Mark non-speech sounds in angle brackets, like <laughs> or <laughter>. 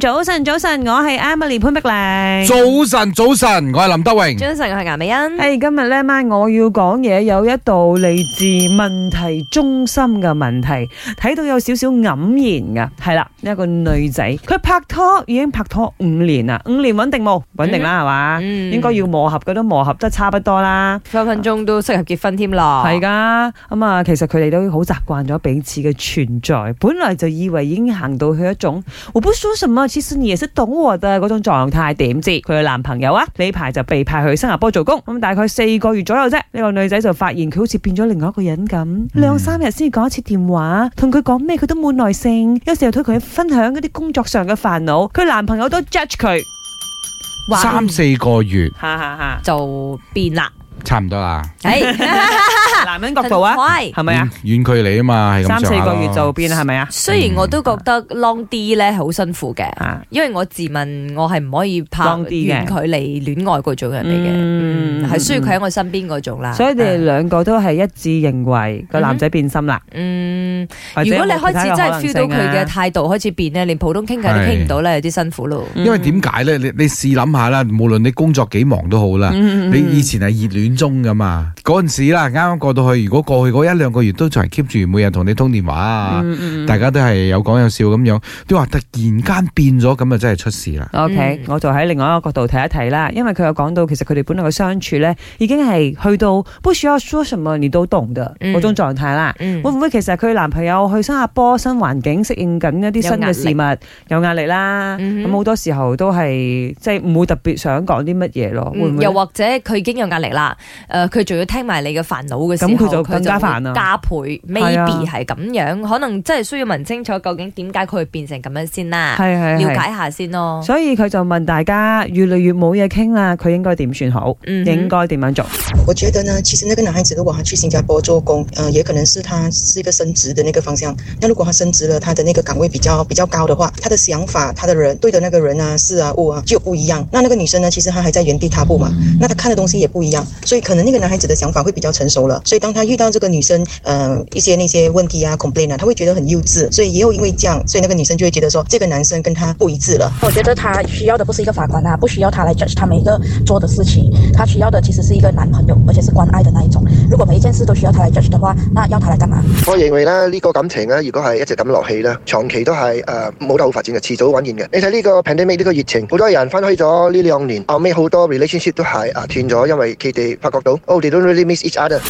早晨，早晨，我係 Emily 潘碧玲。早晨，早晨，我係林德榮。早晨，我係顏美欣。誒，今日呢一晚我要講嘢，有一道嚟自問題中心嘅問題，睇到有少少黯然噶，係啦，一個女仔，佢拍拖已經拍拖五年啦，五年穩定冇，穩定啦係嘛，應該要磨合，佢都磨合得差唔多啦，分分鐘都適合結婚添咯，係噶，咁啊，其實佢哋都好習慣咗彼此嘅存在，本來就以為已經行到去一種我不說什麼。黐線嘢識懂㗎嗰種狀態，點知佢嘅男朋友啊呢排就被派去新加坡做工，咁大概四個月左右啫呢，這個女仔就發現佢好似變咗另外一個人咁，兩三日先講一次電話，同佢講咩佢都冇耐性，有時候又同佢分享嗰啲工作上嘅煩惱，佢男朋友都 judge 佢。哇三四個月，哈哈哈就變啦了，差唔多啦。是 <laughs> 男人角度啊，係咪啊？遠距離啊嘛，係咁三四個月就變，係咪啊？雖然我都覺得 long 啲咧，好辛苦嘅啊，因為我自問我係唔可以怕遠距離戀愛嗰種人嚟嘅，係需要佢喺我身邊嗰種啦。所以你哋兩個都係一致認為個男仔變心啦。嗯，如果你開始真係 feel 到佢嘅態度開始變咧，連普通傾偈都傾唔到咧，有啲辛苦咯。因為點解咧？你你試諗下啦，無論你工作幾忙都好啦，你以前係熱戀中噶嘛，嗰陣時啦，啱啱過去，如果過去嗰一兩個月都仲係 keep 住每日同你通電話啊，嗯嗯、大家都係有講有笑咁樣，都話突然間變咗咁啊，真係出事啦。OK，我就喺另外一個角度睇一睇啦，因為佢有講到其實佢哋本來嘅相處咧，已經係去到 push your assumption 你都懂嘅嗰種狀態啦。嗯嗯、會唔會其實佢男朋友去新加坡新環境適應緊一啲新嘅事物，有壓力啦？咁好、嗯、多時候都係即係唔會特別想講啲乜嘢咯。會唔會又或者佢已經有壓力啦？誒，佢仲要聽埋你嘅煩惱嘅咁。咁佢就更加煩啦加倍，maybe 係咁樣，啊、可能真係需要問清楚究竟點解佢會變成咁樣先啦。係係，了解一下先咯。所以佢就問大家，越嚟越冇嘢傾啦。佢應該點算好？嗯、哼應該點樣做？我覺得呢，其實那個男孩子如果他去新加坡做工，嗯、呃，也可能是他是一個升職的那個方向。那如果他升職了，他的那個崗位比較比較高的話，他的想法、他的人對的那個人啊、事啊、物、哦、啊就不一樣。那那個女生呢，其實她還在原地踏步嘛。那她看的東西也不一樣，所以可能那個男孩子的想法會比較成熟了。所以當他遇到這個女生，嗯、呃，一些那些問題啊，complaint 啊，他會覺得很幼稚，所以也有因為這樣，所以那個女生就會覺得說，這個男生跟他不一致了。我覺得他需要的不是一個法官啊，不需要他來 judge 他每一個做的事情，他需要的其實是一個男朋友，而且是關愛的那一種。如果每一件事都需要他來 judge 的話，那要他來幹嘛？我認為呢呢、這個感情咧、啊，如果係一直咁落去咧，長期都係誒冇得好發展嘅，遲早玩完嘅。你睇呢個 pandemic 呢個疫情，好多人分開咗呢兩年，後尾好多 relationship 都係啊斷咗，因為佢哋發覺到，oh、哦、they don't really miss each other。